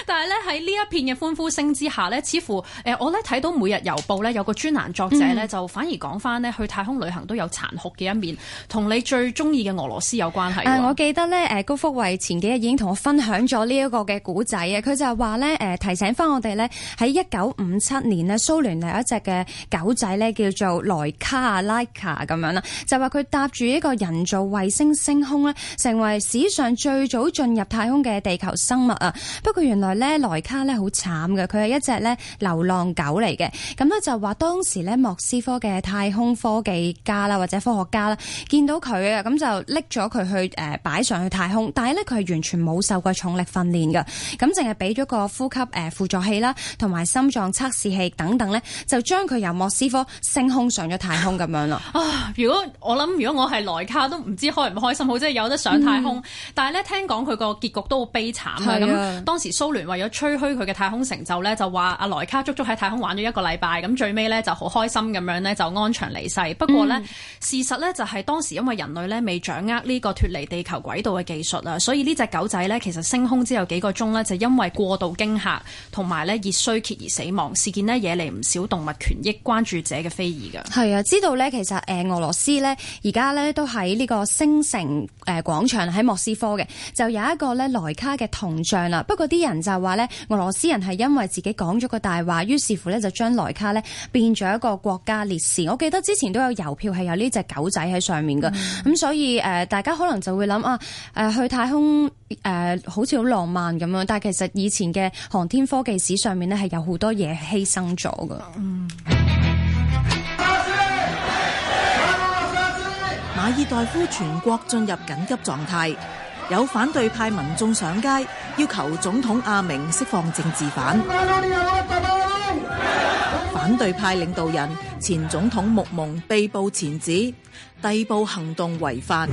但係咧喺呢一片嘅歡呼聲之下呢，似乎誒，我呢睇到《每日郵報》呢有個專欄作者呢就反而講翻呢，去太空旅行都有殘酷嘅一面，同你最中意嘅俄羅斯有關係。啊，我記得呢，高福慧前幾日已經同我分享咗呢一個嘅古仔啊，佢就係話呢，提醒翻我哋呢，喺一九五七年呢，蘇聯有一隻嘅狗仔呢叫做萊卡啊、拉卡咁樣啦，就話佢搭住一個人造衛星升空呢，成為史上最早進入太空嘅地球生物啊！不過原來。咧萊卡咧好慘嘅，佢係一隻咧流浪狗嚟嘅。咁咧就話當時咧莫斯科嘅太空科技家啦，或者科學家啦，見到佢啊，咁就拎咗佢去誒擺上去太空。但係咧佢係完全冇受過重力訓練嘅，咁淨係俾咗個呼吸誒輔助器啦，同埋心臟測試器等等咧，就將佢由莫斯科升空上咗太空咁樣啦。啊 如果我諗，如果我係萊卡都唔知開唔開心，好即係有得上太空。嗯、但係咧聽講佢個結局都好悲慘嘅。咁當時蘇聯。為咗吹噓佢嘅太空成就咧，就話阿萊卡足足喺太空玩咗一個禮拜，咁最尾咧就好開心咁樣咧就安詳離世。不過呢、嗯、事實呢，就係當時因為人類呢未掌握呢個脫離地球軌道嘅技術啊，所以呢隻狗仔呢其實升空之後幾個鐘呢，就因為過度驚嚇同埋呢熱衰竭而死亡。事件呢惹嚟唔少動物權益關注者嘅非議㗎。係啊，知道呢其實誒俄羅斯呢而家呢都喺呢個星城誒廣場喺莫斯科嘅，就有一個呢萊卡嘅銅像啦。不過啲人就。話咧，俄羅斯人係因為自己講咗個大話，於是乎咧就將萊卡咧變咗一個國家烈士。我記得之前都有郵票係有呢隻狗仔喺上面噶，咁、嗯嗯、所以誒、呃、大家可能就會諗啊，誒、呃、去太空誒、呃、好似好浪漫咁樣，但係其實以前嘅航天科技史上面咧係有好多嘢犧牲咗噶、嗯。馬爾代夫全國進入緊急狀態。有反對派民眾上街要求總統亞明釋放政治犯。反對派領導人前總統穆蒙被捕前指逮捕行動違法。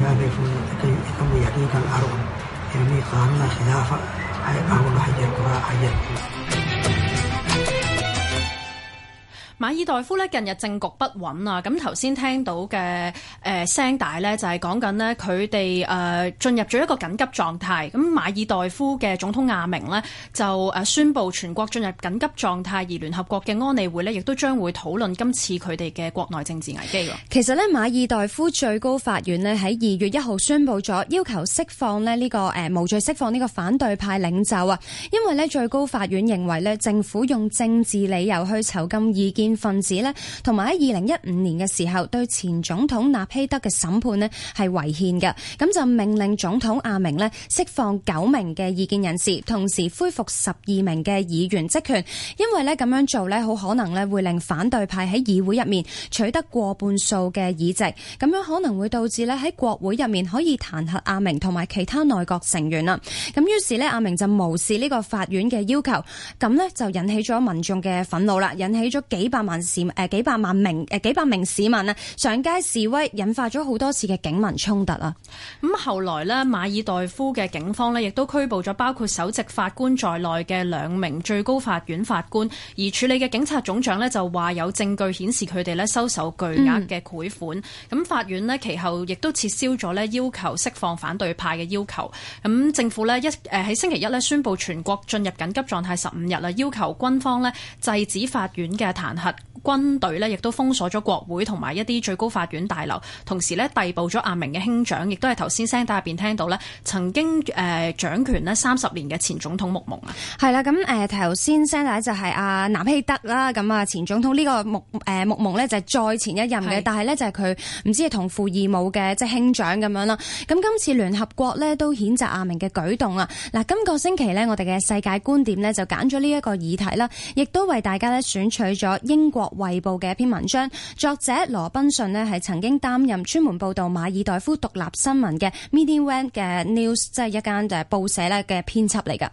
馬爾代夫咧近日政局不穩啊，咁頭先聽到嘅誒聲帶呢，就係講緊咧佢哋誒進入咗一個緊急狀態。咁馬爾代夫嘅總統亞明呢，就誒宣布全國進入緊急狀態，而聯合國嘅安理會呢，亦都將會討論今次佢哋嘅國內政治危機。其實呢，馬爾代夫最高法院咧喺二月一號宣布咗要求釋放咧、這、呢個誒無罪釋放呢個反對派領袖啊，因為呢，最高法院認為咧政府用政治理由去囚禁意見分子呢，同埋喺二零一五年嘅時候，對前總統納希德嘅審判呢係違憲嘅，咁就命令總統阿明呢，釋放九名嘅意見人士，同時恢復十二名嘅議員職權，因為呢，咁樣做呢，好可能呢會令反對派喺議會入面取得過半數嘅議席，咁樣可能會導致呢喺國會入面可以彈劾阿明同埋其他內閣成員啦。咁於是呢，阿明就無視呢個法院嘅要求，咁呢，就引起咗民眾嘅憤怒啦，引起咗幾。百萬市、誒幾百萬名、誒幾百名市民上街示威，引發咗好多次嘅警民衝突啦。咁後來馬爾代夫嘅警方咧，亦都拘捕咗包括首席法官在內嘅兩名最高法院法官，而處理嘅警察總長就話有證據顯示佢哋收受巨額嘅賄款。咁、嗯、法院其後亦都撤銷咗要求釋放反對派嘅要求。咁政府咧一、誒喺星期一宣布全國進入緊急狀態十五日啦，要求軍方制止法院嘅彈劾。軍隊呢亦都封鎖咗國會同埋一啲最高法院大樓，同時呢，逮捕咗阿明嘅兄長，亦都係頭先聲帶入邊聽到呢曾經誒掌權咧三十年嘅前總統木蒙。啊，係啦，咁誒頭先聲帶就係阿南希德啦，咁啊前總統呢個木誒木蒙咧就係再前一任嘅。但係呢，就係佢唔知係同父異母嘅即係兄長咁樣啦，咁今次聯合國呢，都譴責阿明嘅舉動啊，嗱，今個星期呢，我哋嘅世界觀點呢，就揀咗呢一個議題啦，亦都為大家咧選取咗。英國衛報嘅一篇文章，作者羅賓遜咧係曾經擔任專門報道馬爾代夫獨立新聞嘅 Minivan 嘅 news，即係一間誒報社咧嘅編輯嚟噶。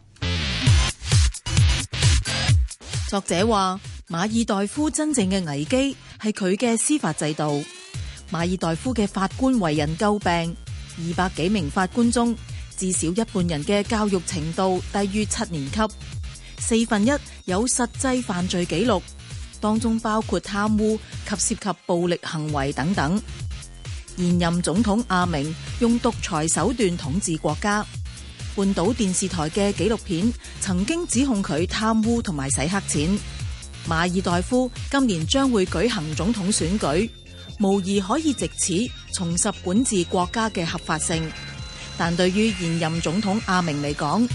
作者話，馬爾代夫真正嘅危機係佢嘅司法制度。馬爾代夫嘅法官為人詬病，二百幾名法官中至少一半人嘅教育程度低於七年級，四分一有實際犯罪記錄。當中包括貪污及涉及暴力行為等等。現任總統阿明用獨裁手段統治國家。半島電視台嘅紀錄片曾經指控佢貪污同埋洗黑錢。馬爾代夫今年將會舉行總統選舉，無疑可以借此重拾管治國家嘅合法性。但對於現任總統阿明嚟講，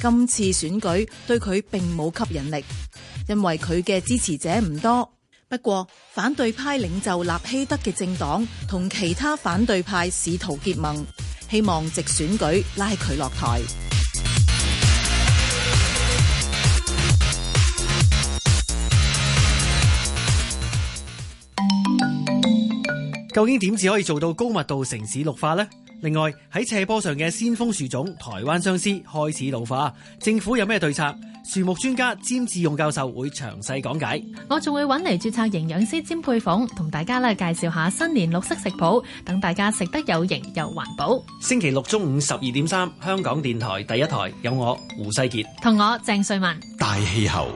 今次選舉對佢並冇吸引力。因為佢嘅支持者唔多，不過反對派領袖納希德嘅政黨同其他反對派試圖結盟，希望藉選舉拉佢落台。究竟點至可以做到高密度城市綠化呢？另外喺斜坡上嘅先鋒樹種台灣相思開始老化，政府有咩對策？樹木專家詹志勇教授會詳細講解。我仲會揾嚟註冊營養師詹佩鳳同大家咧介紹下新年綠色食譜，等大家食得有型又環保。星期六中午十二點三，香港電台第一台有我胡世杰同我鄭瑞文。大氣候。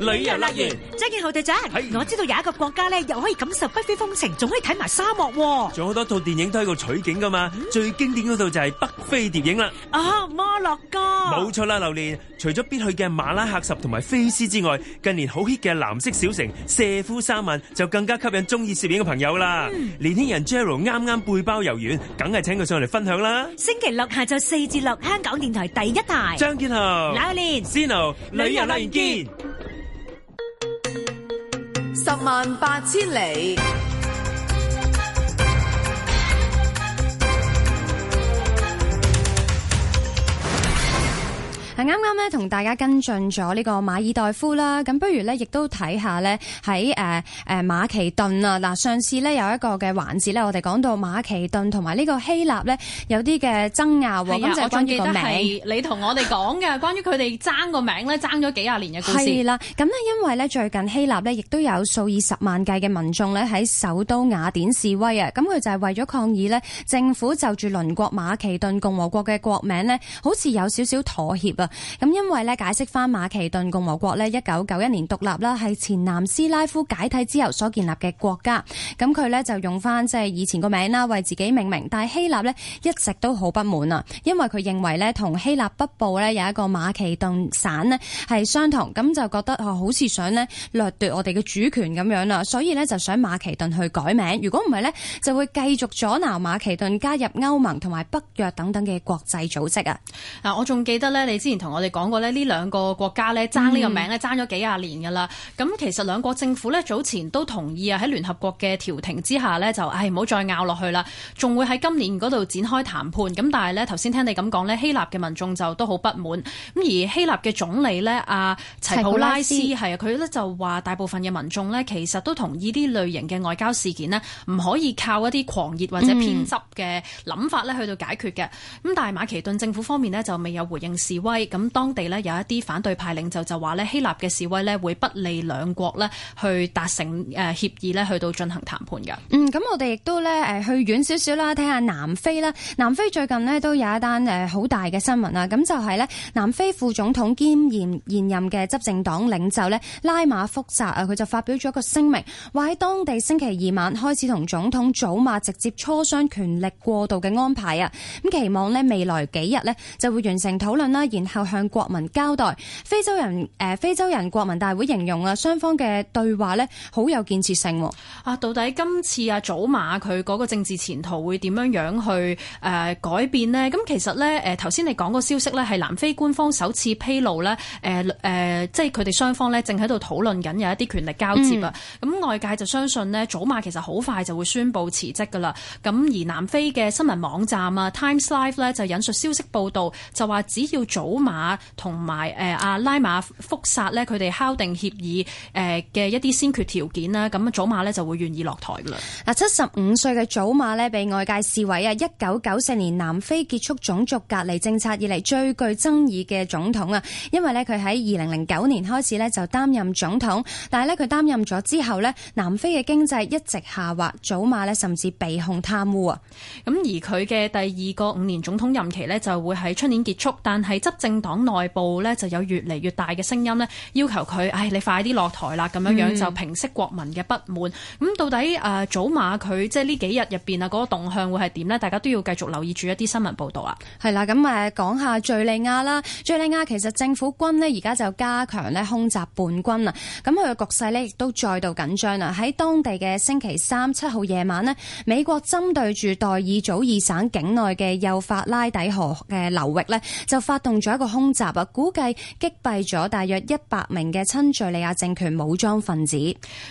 旅遊樂園，張建豪隊長，我知道有一個國家咧，又可以感受北非風情，仲可以睇埋沙漠，仲好多套電影都喺度取景噶嘛。最經典嗰套就係北非電影啦。啊，摩洛哥，冇錯啦，榴蓮，除咗必去嘅馬拉喀什同埋菲斯之外，近年好 hit 嘅藍色小城舍夫沙萬就更加吸引中意攝影嘅朋友啦。年輕人 Jero 啱啱背包遊完，梗係請佢上嚟分享啦。星期六下晝四至六，香港電台第一台。張建豪，榴蓮，Jero，旅遊樂園見。十萬八千里。啱啱咧同大家跟進咗呢個馬爾代夫啦，咁不如咧亦都睇下呢喺誒誒馬其頓啊！嗱，上次呢有一個嘅環節咧，我哋講到馬其頓同埋呢個希臘呢，有啲嘅爭拗，咁就關於個名，記得你同我哋講嘅關於佢哋爭個名咧爭咗幾廿年嘅故事。係啦，咁因為呢最近希臘呢亦都有數以十萬計嘅民眾呢喺首都雅典示威啊！咁佢就係為咗抗議呢，政府就住鄰國馬其頓共和國嘅國名呢，好似有少少妥協啊！咁因為咧解釋翻馬其頓共和國呢，一九九一年獨立啦，係前南斯拉夫解體之後所建立嘅國家。咁佢呢就用翻即係以前個名啦，為自己命名。但係希臘呢一直都好不滿啊，因為佢認為呢同希臘北部呢有一個馬其頓省呢係相同，咁就覺得哦好似想呢掠奪我哋嘅主權咁樣啦，所以呢就想馬其頓去改名。如果唔係呢，就會繼續阻撓馬其頓加入歐盟同埋北約等等嘅國際組織啊。嗱，我仲記得呢你之前同我哋講過呢兩個國家爭呢個名爭咗幾廿年噶啦。咁、嗯、其實兩國政府呢早前都同意啊，喺聯合國嘅調停之下呢就，唉唔好再拗落去啦。仲會喺今年嗰度展開談判。咁但係呢頭先聽你咁講呢，希臘嘅民眾就都好不滿。咁而希臘嘅總理呢，阿、啊、齊普拉斯係啊，佢咧就話大部分嘅民眾呢其實都同意啲類型嘅外交事件呢唔可以靠一啲狂熱或者偏執嘅諗法呢去到解決嘅。咁、嗯、但係馬其頓政府方面呢，就未有回應示威。咁當地呢，有一啲反對派領袖就話呢，希臘嘅示威呢會不利兩國呢去達成誒協議呢，去到進行談判㗎。嗯，咁我哋亦都呢誒去遠少少啦，睇下南非啦。南非最近呢都有一單誒好大嘅新聞啦。咁就係、是、呢南非副總統兼現現任嘅執政黨領袖呢，拉馬福澤啊，佢就發表咗一個聲明，話喺當地星期二晚開始同總統祖馬直接磋商權力過渡嘅安排啊。咁期望呢未來幾日呢就會完成討論啦，然後向國民交代，非洲人誒非洲人國民大會形容啊，雙方嘅對話咧好有建設性。啊，到底今次啊，祖馬佢嗰個政治前途會點樣樣去誒、呃、改變咧？咁其實咧誒頭先你講個消息咧，係南非官方首次披露咧誒誒即係佢哋雙方咧正喺度討論緊有一啲權力交接啊。咁、嗯、外界就相信咧，祖馬其實好快就會宣布辭職噶啦。咁而南非嘅新聞網站啊，Times Live 咧就引述消息報道，就話只要早。馬同埋誒，阿拉馬福薩咧，佢哋敲定協議誒嘅一啲先決條件啦。咁祖馬咧就會願意落台啦。嗱，七十五歲嘅祖馬咧，俾外界視為啊一九九四年南非結束種族隔離政策以嚟最具爭議嘅總統啊。因為咧佢喺二零零九年開始咧就擔任總統，但係咧佢擔任咗之後咧，南非嘅經濟一直下滑，祖馬咧甚至被控貪污啊。咁而佢嘅第二個五年總統任期咧就會喺出年結束，但係執政。政黨內部咧，就有越嚟越大嘅聲音咧，要求佢，唉，你快啲落台啦，咁樣樣、嗯、就平息國民嘅不滿。咁到底誒、呃，祖馬佢即係呢幾日入邊啊，嗰、那個動向會係點呢？大家都要繼續留意住一啲新聞報道啊。係、呃、啦，咁誒，講下敘利亞啦。敘利亞其實政府軍呢而家就加強咧空襲叛軍啊。咁佢嘅局勢呢亦都再度緊張啦。喺當地嘅星期三七號夜晚呢，美國針對住代爾祖爾省境內嘅幼發拉底河嘅流域呢，就發動咗個空襲啊，估計擊斃咗大約一百名嘅親敘利亞政權武裝分子。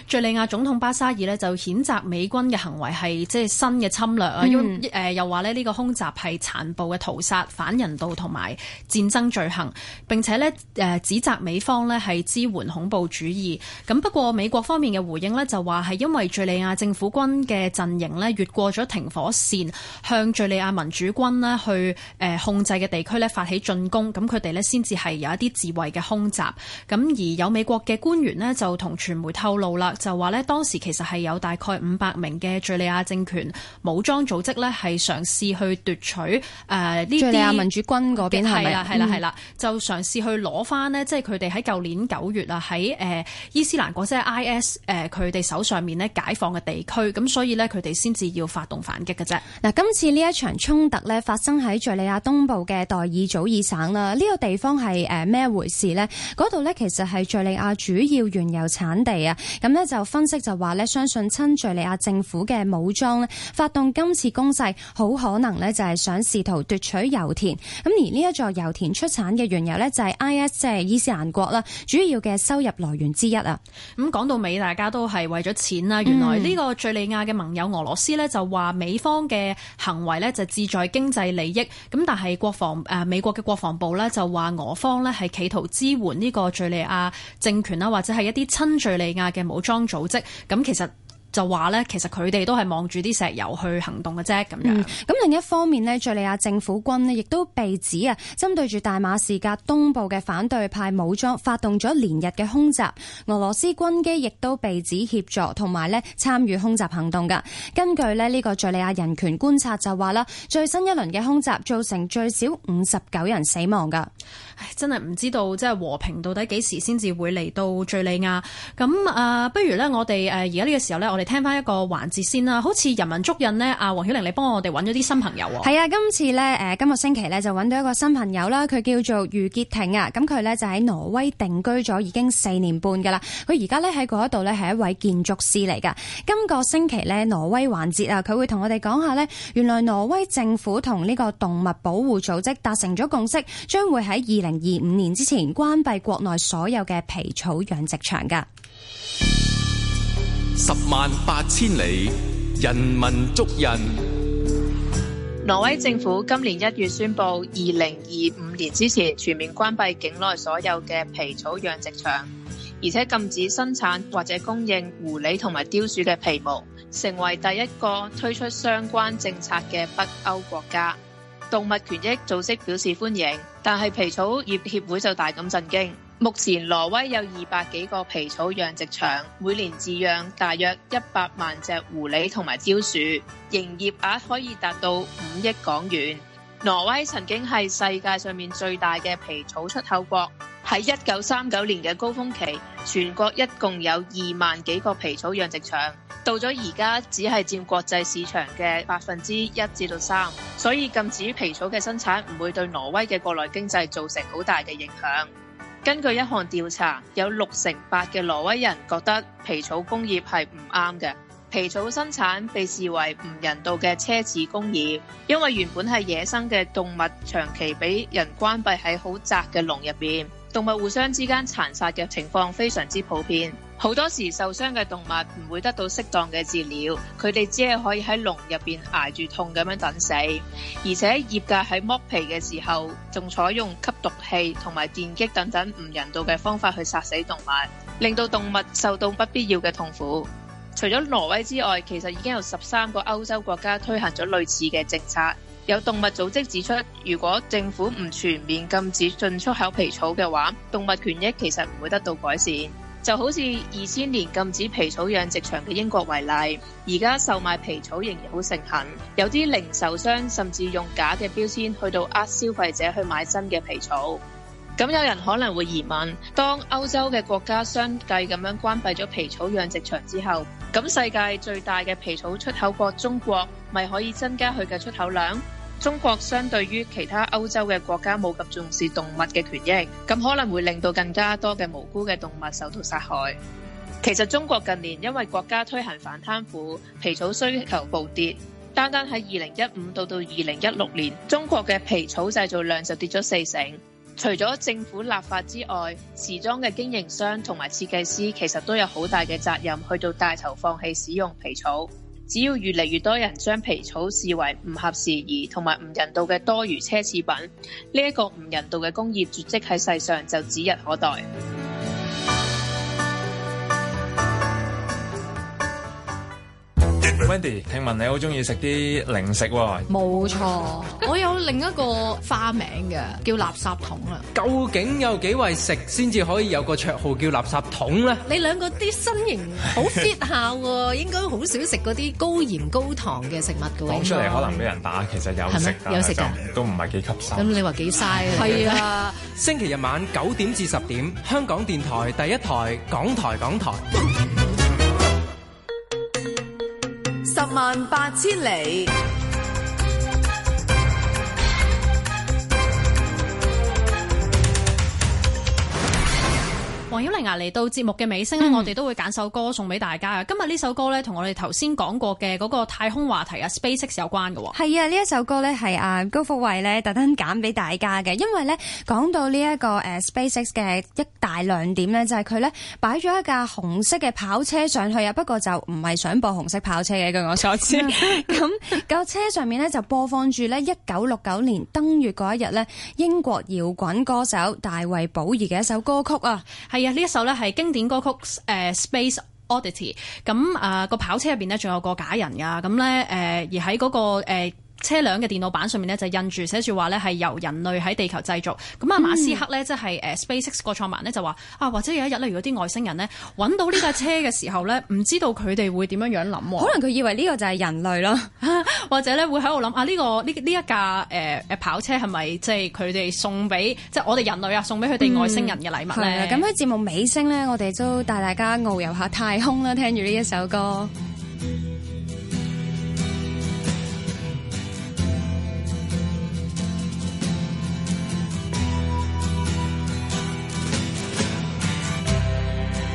敘利亞總統巴沙爾呢就譴責美軍嘅行為係即係新嘅侵略啊！誒、嗯，又話呢呢個空襲係殘暴嘅屠殺、反人道同埋戰爭罪行，並且呢誒指責美方呢係支援恐怖主義。咁不過美國方面嘅回應呢就話係因為敘利亞政府軍嘅陣營呢越過咗停火線，向敘利亞民主軍呢去誒控制嘅地區呢發起進攻。咁佢哋呢先至係有一啲自衛嘅空襲，咁而有美國嘅官員呢就同傳媒透露啦,啦,啦,啦，就話呢當時其實係有大概五百名嘅敘利亞政權武裝組織呢係嘗試去奪取誒呢啲敘利亞民主軍嗰邊係咪？係啦係啦係啦，就嘗試去攞翻呢即係佢哋喺舊年九月啊，喺誒伊斯蘭國即 IS 誒佢哋手上面呢解放嘅地區，咁所以呢佢哋先至要發動反擊嘅啫。嗱，今次呢一場衝突呢發生喺敘利亞東部嘅代爾祖爾省啦。呢、這個地方係誒咩回事呢？嗰度呢，其實係敘利亞主要原油產地啊。咁、嗯、呢，就分析就話呢，相信親敘利亞政府嘅武裝呢，發動今次攻勢，好可能呢，就係想試圖奪取油田。咁、嗯、而呢一座油田出產嘅原油呢，就係、是、IS、即係伊斯蘭國啦，主要嘅收入來源之一啊。咁講到尾，大家都係為咗錢啦。原來呢個敘利亞嘅盟友俄羅斯呢，就話美方嘅行為呢，就志在經濟利益。咁但係國防誒、呃、美國嘅國防部咧就話俄方咧係企圖支援呢個敘利亞政權啦，或者係一啲親敘利亞嘅武裝組織。咁其實就話呢，其實佢哋都係望住啲石油去行動嘅啫，咁、嗯、樣。咁另一方面呢，敘利亞政府軍呢亦都被指啊，針對住大馬士革東部嘅反對派武裝發動咗連日嘅空襲。俄羅斯軍機亦都被指協助同埋呢參與空襲行動㗎。根據呢呢個敘利亞人權觀察就話啦，最新一輪嘅空襲造成最少五十九人死亡㗎。唉，真係唔知道，即係和平到底幾時先至會嚟到敘利亞。咁啊、呃，不如呢，我哋誒而家呢個時候呢。我哋聽翻一個環節先啦，好似人民足印呢，阿黃曉玲，你幫我哋揾咗啲新朋友喎。係啊，今次呢，誒、呃，今個星期呢，就揾到一個新朋友啦，佢叫做余潔婷啊。咁佢呢就喺挪威定居咗已經四年半噶啦。佢而家呢，喺嗰度呢，係一位建築師嚟噶。今個星期呢，挪威環節啊，佢會同我哋講下呢，原來挪威政府同呢個動物保護組織達成咗共識，將會喺二零二五年之前關閉國內所有嘅皮草養殖場噶。十萬八千里，人民足印。挪威政府今年一月宣布，二零二五年之前全面關閉境內所有嘅皮草養殖場，而且禁止生產或者供應狐狸同埋貂鼠嘅皮毛，成為第一個推出相關政策嘅北歐國家。動物權益組織表示歡迎，但係皮草業協會就大感震驚。目前挪威有二百幾個皮草養殖場，每年飼養大約一百萬隻狐狸同埋貂鼠，營業額可以達到五億港元。挪威曾經係世界上面最大嘅皮草出口國，喺一九三九年嘅高峰期，全國一共有二萬幾個皮草養殖場。到咗而家，只係佔國際市場嘅百分之一至到三，所以禁止皮草嘅生產唔會對挪威嘅國內經濟造成好大嘅影響。根據一項調查，有六成八嘅挪威人覺得皮草工業係唔啱嘅。皮草生產被視為唔人道嘅奢侈工業，因為原本係野生嘅動物長期俾人關閉喺好窄嘅籠入面，動物互相之間殘殺嘅情況非常之普遍。好多時受傷嘅動物唔會得到適當嘅治療，佢哋只係可以喺籠入邊捱住痛咁樣等死。而且業界喺剝皮嘅時候，仲採用吸毒氣同埋電擊等等唔人道嘅方法去殺死動物，令到動物受到不必要嘅痛苦。除咗挪威之外，其實已經有十三個歐洲國家推行咗類似嘅政策。有動物組織指出，如果政府唔全面禁止進出口皮草嘅話，動物權益其實唔會得到改善。就好似二千年禁止皮草養殖場嘅英國為例，而家售賣皮草仍然好盛行，有啲零售商甚至用假嘅標籤去到呃消費者去買真嘅皮草。咁有人可能會疑問，當歐洲嘅國家相繼咁樣關閉咗皮草養殖場之後，咁世界最大嘅皮草出口國中國，咪可以增加佢嘅出口量？中國相對於其他歐洲嘅國家冇咁重視動物嘅權益，咁可能會令到更加多嘅無辜嘅動物受到殺害。其實中國近年因為國家推行反貪腐，皮草需求暴跌。單單喺二零一五到到二零一六年，中國嘅皮草製造量就跌咗四成。除咗政府立法之外，時裝嘅經營商同埋設計師其實都有好大嘅責任，去到帶頭放棄使用皮草。只要越嚟越多人將皮草視為唔合時宜同埋唔人道嘅多餘奢侈品，呢一個唔人道嘅工業絕跡喺世上就指日可待。Wendy，聽聞你好中意食啲零食喎？冇錯，我有另一個花名嘅叫垃圾桶。究竟有幾位食，才可以有個綽號叫垃圾桶呢？你兩個啲身形好 fit 下喎，應該好少食嗰啲高鹽高糖嘅食物嘅喎，講出嚟可能被人打，其實有食㗎。有食㗎。都唔係幾吸收。咁你話幾嘥啊？ 係啊，星期日晚九點至十點，香港電台第一台，港台，港台。十萬八千里。曉玲啊，嚟到節目嘅尾聲，我哋都會揀首歌送俾大家啊！今日呢首歌呢，同我哋頭先講過嘅嗰個太空話題啊，SpaceX 有關嘅喎。係啊，呢一首歌呢，係啊高福慧呢特登揀俾大家嘅，因為呢講到呢一個 SpaceX 嘅一大亮點呢，就係佢呢擺咗一架紅色嘅跑車上去啊！不過就唔係想播紅色跑車嘅，據我所知。咁 架 車上面呢，就播放住呢一九六九年登月嗰一日呢，英國搖滾歌手大衛寶兒嘅一首歌曲啊，係啊！呢一首咧係經典歌曲，誒 Space Oddity 咁啊個跑車入邊咧仲有個假人噶，咁咧誒，而喺嗰、那個誒。車輛嘅電腦板上面咧就印住寫住話咧係由人類喺地球製造。咁、嗯、啊馬斯克咧即係誒 SpaceX 個創辦人咧就話啊，或者有一日咧，如果啲外星人咧揾到呢架車嘅時候咧，唔、啊、知道佢哋會點樣樣諗、啊？可能佢以為呢個就係人類啦， 或者咧會喺度諗啊呢、這個呢呢一架誒誒、呃、跑車係咪即係佢哋送俾即係我哋人類啊送俾佢哋外星人嘅禮物咧？咁喺節目尾聲咧，我哋都帶大家遨遊下太空啦，聽住呢一首歌。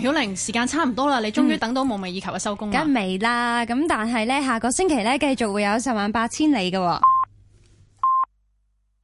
曉玲，時間差唔多啦，你終於等到夢寐以求嘅收工啦。梗係未啦，咁但係呢，下個星期呢，繼續會有十萬八千里㗎喎。